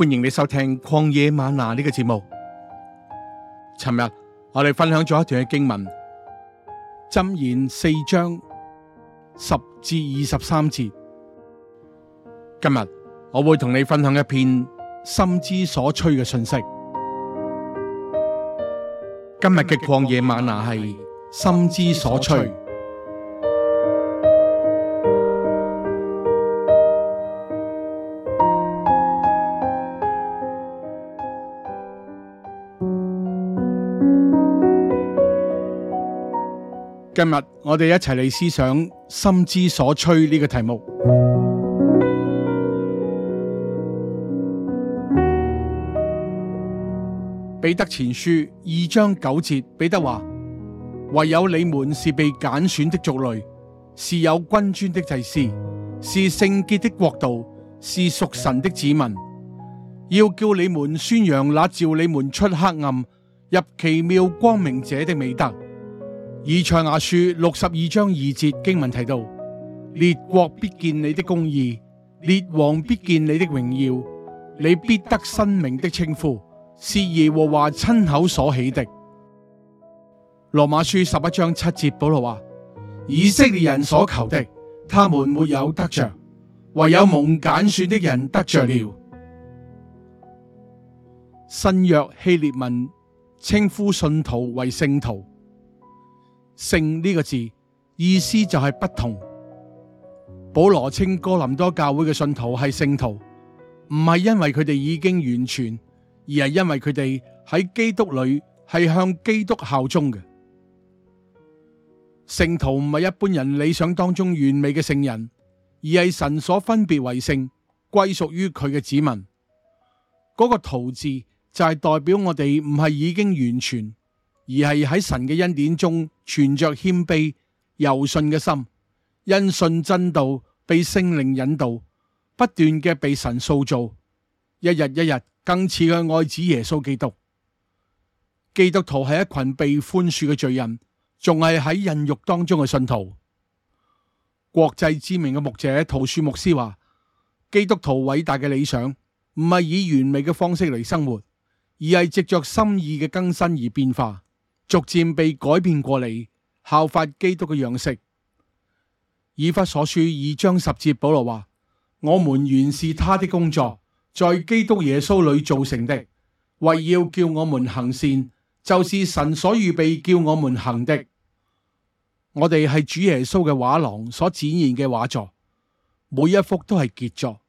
歡迎你收聽曠野嗎哪呢個節目。尋日我哋分享咗一段嘅經文，箴言四章十至二十三節。今日我會同你分享一篇心之所趨嘅信息。今日嘅曠野嗎哪係心之所趨。今日我哋一齊嚟思想心之所趨呢個題目。彼得前書二章九節，彼得話：唯有你們是被揀選的族類，是有君尊的祭司，是聖潔的國度，是屬神的子民，要叫你們宣揚那召你們出黑暗入奇妙光明者的美德。以賽亞書六十二章二節經文提到：列國必見你的公義，列王必見你的榮耀，你必得新名的稱呼，是耶和華親口所起的。羅馬書十一章七節保羅話：以色列人所求的，他們沒有得着，唯有蒙揀選的人得着了。新約希列文稱呼信徒為聖徒。聖呢個字意思就係不同。保羅稱哥林多教會嘅信徒係聖徒，唔係因為佢哋已經完全，而係因為佢哋喺基督裏係向基督效忠嘅聖徒。唔係一般人理想當中完美嘅聖人，而係神所分別為聖、歸屬於佢嘅子民。嗰、那個徒字就係代表我哋唔係已經完全，而係喺神嘅恩典中。存着謙卑、柔信嘅心，因信真道被聖靈引導，不斷嘅被神塑造，一日一日更似佢愛子耶穌基督。基督徒係一群被寬恕嘅罪人，仲係喺孕育當中嘅信徒。國際知名嘅牧者陶恕牧師話：基督徒偉大嘅理想，唔係以完美嘅方式嚟生活，而係藉着心意嘅更新而變化。逐漸被改變過嚟，效法基督嘅樣式。以弗所書二章十節，保羅話：我們原是他的工作，在基督耶穌裏造成的，為要叫我們行善，就是神所預備叫我們行的。我哋係主耶穌嘅畫廊所展現嘅畫作，每一幅都係傑作。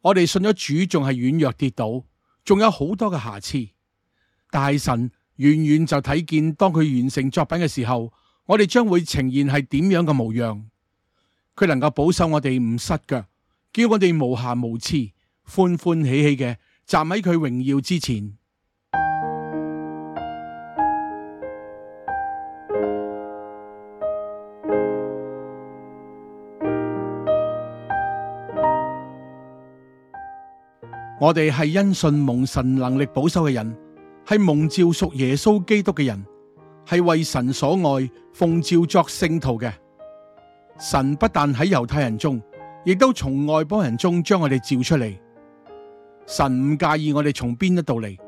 我哋信咗主，仲係軟弱跌倒，仲有好多嘅瑕疵，大神。遠遠就睇見，當佢完成作品嘅時候，我哋將會呈現係點樣嘅模樣。佢能夠保守我哋唔失腳，叫我哋無瑕無疵，歡歡喜喜嘅站喺佢榮耀之前。我哋係因信蒙神能力保守嘅人。係蒙召屬耶穌基督嘅人，係為神所愛，奉召作聖徒嘅。神不但喺猶太人中，亦都從外邦人中將我哋召出嚟。神唔介意我哋從邊一度嚟，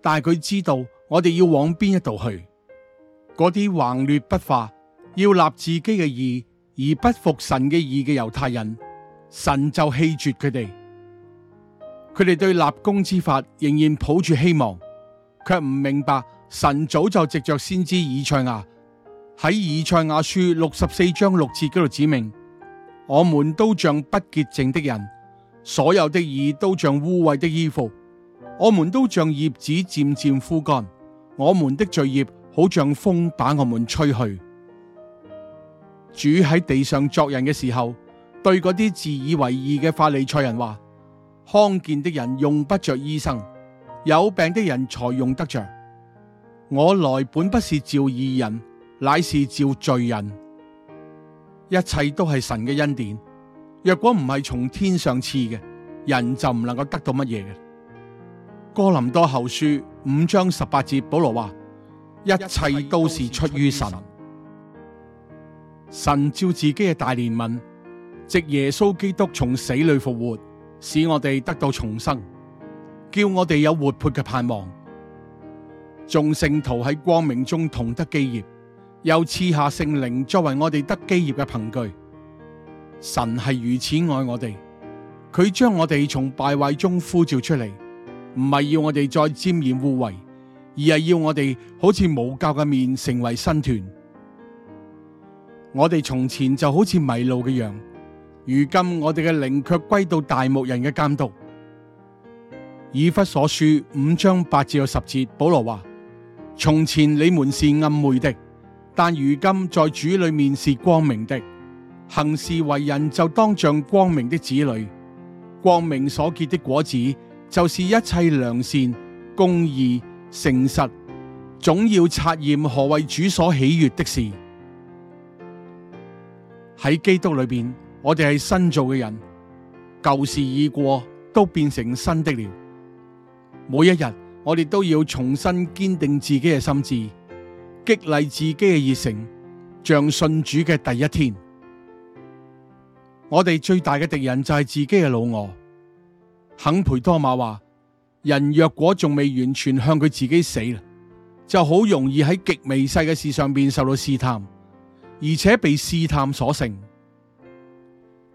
但係佢知道我哋要往邊一度去。嗰啲橫掠不化，要立自己嘅義而不服神嘅義嘅猶太人，神就棄絕佢哋。佢哋對立功之法仍然抱住希望。卻唔明白，神早就藉着先知以賽亞喺以賽亞書六十四章六節嗰度指明：我們都像不潔淨的人，所有的義都像污穢的衣服；我們都像葉子漸漸枯乾，我們的罪孽好像風把我們吹去。主喺地上作人嘅時候，對嗰啲自以為義嘅法利賽人話：康健的人用不着醫生。有病的人才用得着。我來本不是召義人，乃是召罪人。一切都係神嘅恩典。若果唔係從天上賜嘅，人就唔能夠得到乜嘢嘅。哥林多後書五章十八節，保羅話：一切都是出於神。於神,神照自己嘅大憐憫，藉耶穌基督從死裏復活，使我哋得到重生。叫我哋有活潑嘅盼望，眾聖徒喺光明中同得基業，又賜下聖靈作為我哋得基業嘅憑據。神係如此愛我哋，佢將我哋從敗壞中呼召出嚟，唔係要我哋再沾染污穢，而係要我哋好似無酵嘅麵成為新團。我哋從前就好似迷路嘅羊，如今我哋嘅靈卻歸到大牧人嘅監督。以弗所書五章八至十節，保羅話：從前你們是暗昧的，但如今在主裏面是光明的。行事為人就當像光明的子女，光明所結的果子就是一切良善、公義、誠實。總要察驗何為主所喜悦的事。喺基督裏邊，我哋係新造嘅人，舊事已過，都變成新的了。每一日，我哋都要重新堅定自己嘅心智，激勵自己嘅熱誠，像信主嘅第一天。我哋最大嘅敵人就係自己嘅老鵝。肯培多瑪話，人若果仲未完全向佢自己死啦，就好容易喺極微細嘅事上邊受到試探，而且被試探所勝。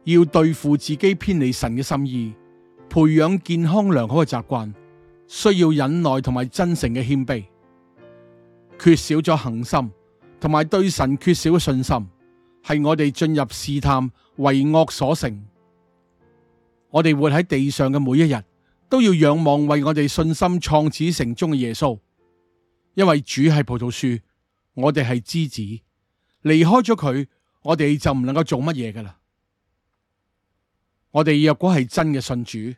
要對付自己偏離神嘅心意，培養健康良好嘅習慣。需要忍耐同埋真誠嘅謙卑，缺少咗恒心同埋對神缺少嘅信心，係我哋進入試探、為惡所成。我哋活喺地上嘅每一日，都要仰望為我哋信心創始成終嘅耶穌，因為主係葡萄樹，我哋係枝子，離開咗佢，我哋就唔能夠做乜嘢㗎喇。我哋若果係真嘅信主。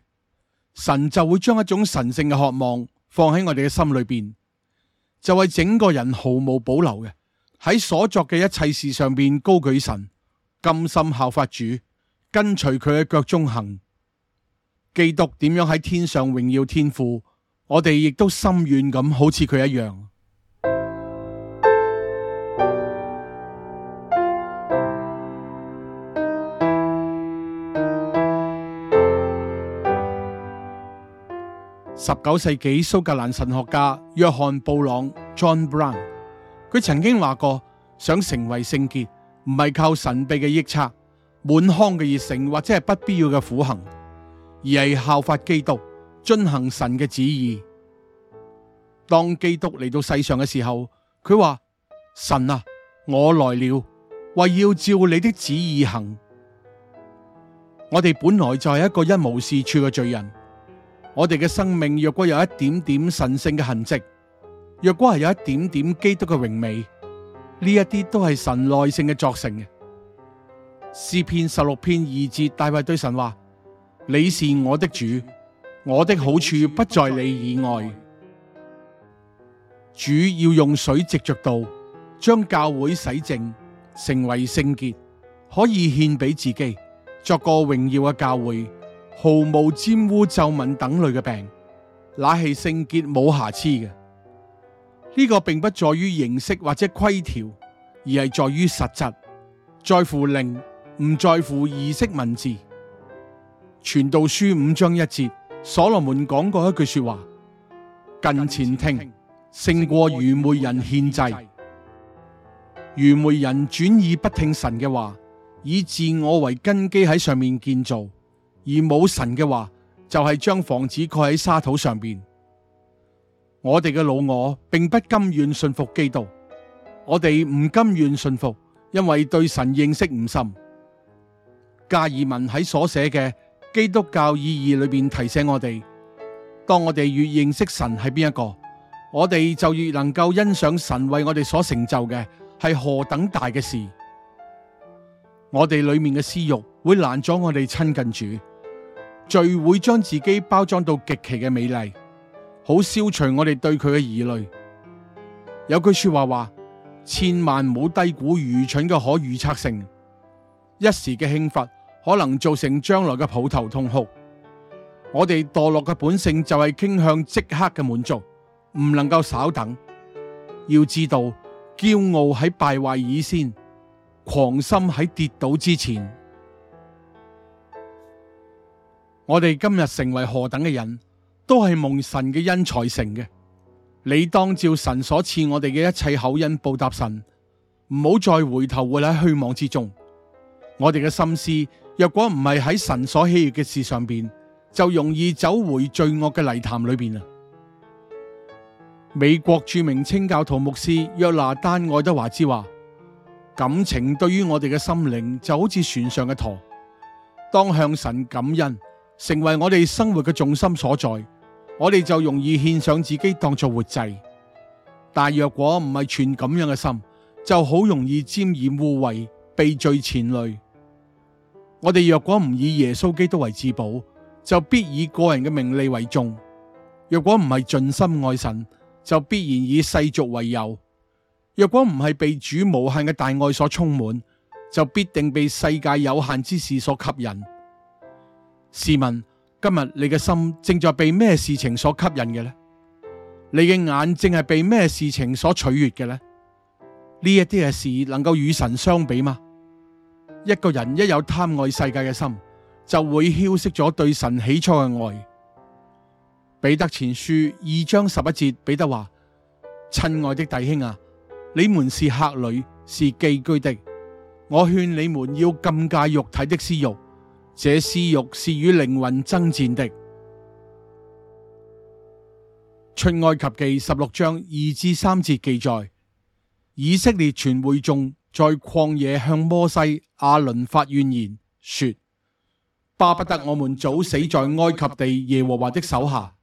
神就會將一種神聖嘅渴望放喺我哋嘅心裏邊，就係整個人毫無保留嘅喺所作嘅一切事上邊高舉神，甘心效法主，跟隨佢嘅腳蹤行。基督點樣喺天上榮耀天父，我哋亦都心願咁好似佢一樣。十九世紀蘇格蘭神學家約翰布朗 John Brown，佢曾經話過：想成為聖潔，唔係靠神秘嘅臆測、滿腔嘅熱誠或者係不必要嘅苦行，而係效法基督，遵行神嘅旨意。當基督嚟到世上嘅時候，佢話：神啊，我來了，為要照你的旨意行。我哋本來就係一個一無是處嘅罪人。我哋嘅生命若果有一點點神聖嘅痕迹，若果係有一點點基督嘅榮美，呢一啲都係神耐性嘅作成嘅。詩篇十六篇二節，至大衛對神話：你是我的主，我的好處不在你以外。主要用水直着道，將教會洗淨，成為聖潔，可以獻俾自己，作個榮耀嘅教會。毫無沾污、皺紋等類嘅病，乃係聖潔冇瑕疵嘅。呢、這個並不在於形式或者規條，而係在於實質，在乎靈，唔在乎儀式文字。傳道書五章一節，所羅門講過一句說話：近前聽，勝過愚昧人獻祭；愚昧人轉耳不聽神嘅話，以自我為根基喺上面建造。而冇神嘅話，就係將房子蓋喺沙土上邊。我哋嘅老我並不甘願信服基督，我哋唔甘願信服，因為對神認識唔深。加爾文喺所寫嘅基督教意義裏邊提醒我哋，當我哋越認識神係邊一個，我哋就越能夠欣賞神為我哋所成就嘅係何等大嘅事。我哋裏面嘅私欲會攔咗我哋親近主。聚會將自己包裝到極其嘅美麗，好消除我哋對佢嘅疑慮。有句說話，話，千萬唔好低估愚蠢嘅可預測性。一時嘅輕忽，可能造成將來嘅抱頭痛哭。我哋墮落嘅本性就係傾向即刻嘅滿足，唔能夠稍等。要知道，驕傲喺敗壞以先，狂心喺跌倒之前。我哋今日成為何等嘅人，都係蒙神嘅恩才成嘅。你當照神所賜我哋嘅一切口音報答神，唔好再回頭活喺虛妄之中。我哋嘅心思若果唔係喺神所喜悦嘅事上邊，就容易走回罪惡嘅泥潭裏邊啊！美國著名清教徒牧師約拿丹愛德華之話：感情對於我哋嘅心靈就好似船上嘅舵，當向神感恩。成為我哋生活嘅重心所在，我哋就容易獻上自己當作活祭。但若果唔係存咁樣嘅心，就好容易沾染污穢、被罪牽累。我哋若果唔以耶穌基督為至寶，就必以個人嘅名利為重。若果唔係盡心愛神，就必然以世俗為友；若果唔係被主無限嘅大愛所充滿，就必定被世界有限之事所吸引。試問今日你嘅心正在被咩事情所吸引嘅呢？你嘅眼正係被咩事情所取悅嘅呢？呢一啲嘅事能夠與神相比嗎？一個人一有貪愛世界嘅心，就會消失咗對神起初嘅愛。彼得前書二章十一節，彼得話：親愛的弟兄啊，你們是客旅，是寄居的，我勸你們要禁戒肉體的私欲。這私欲是與靈魂爭戰的。出埃及記十六章二至三節記載，以色列全會眾在曠野向摩西、亞倫發怨言，說：巴不得我們早死在埃及地耶和華的手下，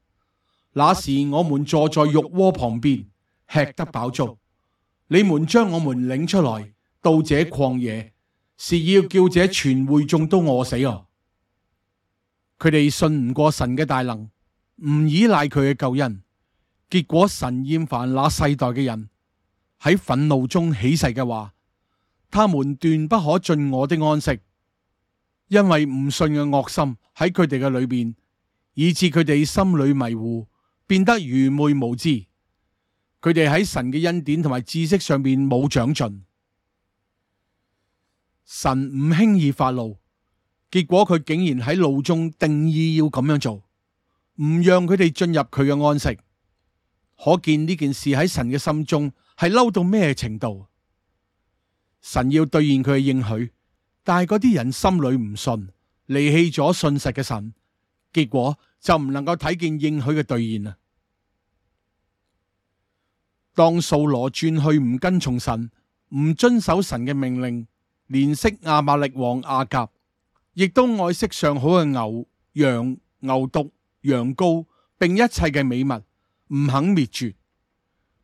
那時我們坐在肉鍋旁邊，吃得飽足。你們將我們領出來到這曠野。是要叫這全會眾都餓死哦、啊！佢哋信唔過神嘅大能，唔依賴佢嘅救恩，結果神厭煩那世代嘅人，喺憤怒中起誓嘅話，他們斷不可進我的安息，因為唔信嘅惡心喺佢哋嘅裏邊，以致佢哋心裏迷糊，變得愚昧無知，佢哋喺神嘅恩典同埋知識上面冇長進。神唔輕易發怒，結果佢竟然喺路中定意要咁樣做，唔讓佢哋進入佢嘅安息。可見呢件事喺神嘅心中係嬲到咩程度？神要兌現佢嘅應許，但係嗰啲人心裏唔信，離棄咗信實嘅神，結果就唔能夠睇見應許嘅兌現啊！當掃羅轉去唔跟從神，唔遵守神嘅命令。憐惜亞瑪力王亞甲，亦都愛惜上好嘅牛、羊、牛犢、羊羔，並一切嘅美物，唔肯滅絕。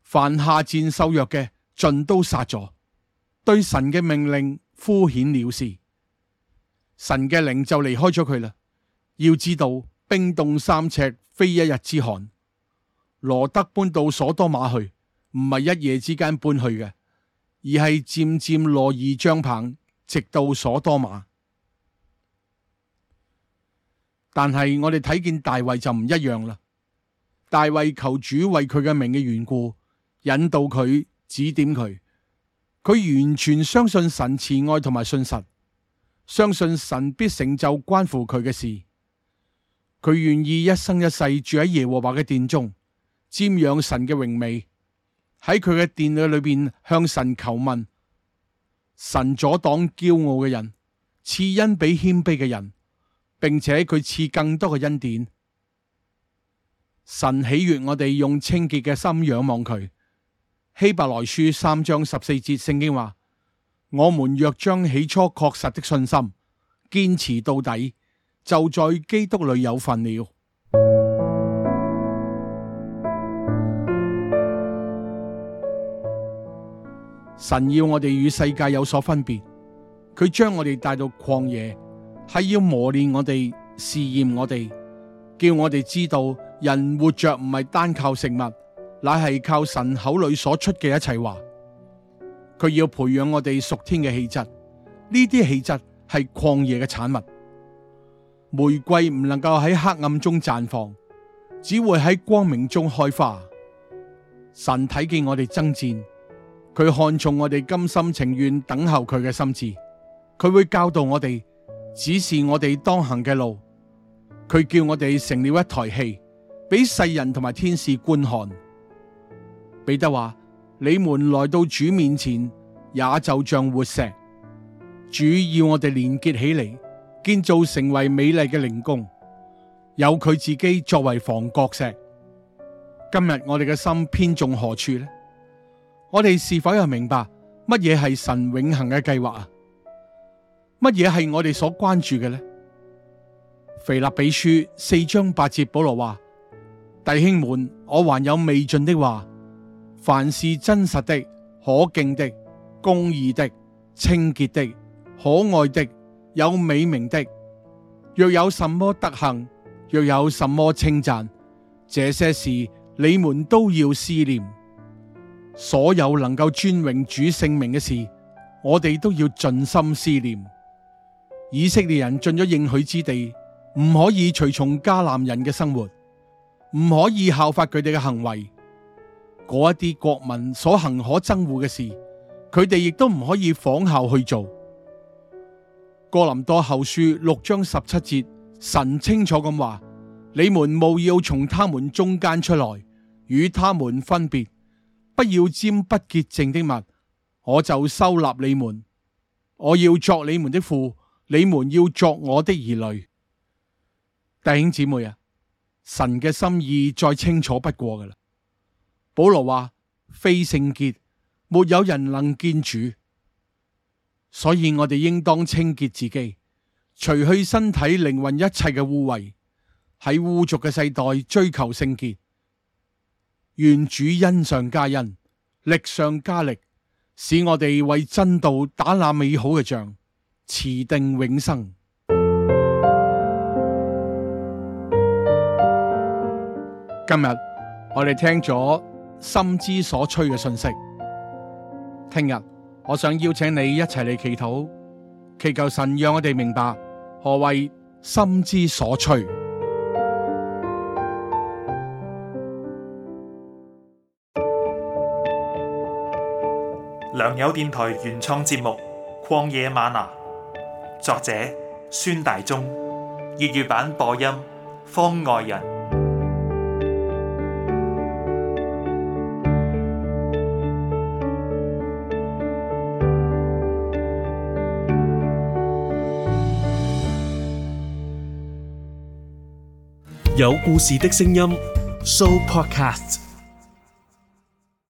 凡下賤瘦弱嘅，盡都殺咗。對神嘅命令敷衍了事，神嘅靈就離開咗佢啦。要知道，冰凍三尺，非一日之寒。羅得搬到所多瑪去，唔係一夜之間搬去嘅。而係漸漸落意張棚，直到所多瑪。但係我哋睇見大衛就唔一樣啦。大衛求主為佢嘅名嘅緣故，引導佢、指點佢。佢完全相信神慈愛同埋信實，相信神必成就關乎佢嘅事。佢願意一生一世住喺耶和華嘅殿中，瞻仰神嘅榮美。喺佢嘅殿裏裏邊向神求問，神阻擋驕傲嘅人，賜恩俾謙卑嘅人，並且佢賜更多嘅恩典。神喜悦我哋用清潔嘅心仰望佢。希伯來書三章十四節聖經話：我們若將起初確實的信心堅持到底，就在基督裏有份了。神要我哋與世界有所分別，佢將我哋帶到曠野，係要磨練我哋、試驗我哋，叫我哋知道人活着唔係單靠食物，乃係靠神口裏所出嘅一切話。佢要培養我哋屬天嘅氣質，呢啲氣質係曠野嘅產物。玫瑰唔能夠喺黑暗中綻放，只會喺光明中開花。神睇見我哋爭戰。佢看重我哋甘心情願等候佢嘅心志，佢會教導我哋，指示我哋當行嘅路，佢叫我哋成了一台戲，俾世人同埋天使觀看。彼得話：你們來到主面前，也就像活石，主要我哋連結起嚟，建造成為美麗嘅靈宮，有佢自己作為房角石。今日我哋嘅心偏重何處呢？我哋是否又明白乜嘢係神永恆嘅計劃啊？乜嘢係我哋所關注嘅呢？腓立比書四章八節保羅話：弟兄們，我還有未盡的話，凡是真實的、可敬的、公義的、清潔的、可愛的、有美名的，若有什麼德行，若有什麼稱讚，這些事你們都要思念。所有能夠尊榮主聖名嘅事，我哋都要盡心思念。以色列人進咗應許之地，唔可以隨從迦南人嘅生活，唔可以效法佢哋嘅行為。嗰一啲國民所行可憎惡嘅事，佢哋亦都唔可以仿效去做。哥林多後書六章十七節，神清楚咁話：你們務要從他們中間出來，與他們分別。不要沾不潔淨的物，我就收納你們。我要作你們的父，你們要作我的兒女。弟兄姊妹啊，神嘅心意再清楚不過㗎喇。保羅話：非聖潔，沒有人能見主。所以我哋應當清潔自己，除去身體、靈魂一切嘅污穢，喺污濁嘅世代追求聖潔。願主恩上加恩，力上加力，使我哋為真道打那美好嘅仗，持定永生。今日我哋聽咗心之所趨嘅信息，聽日我想邀請你一齊嚟祈禱，祈求神讓我哋明白何謂心之所趨。良友電台原創節目《曠野嗎哪》，作者孫大中，粵語版播音方外人，有故事的聲音，Show Podcast。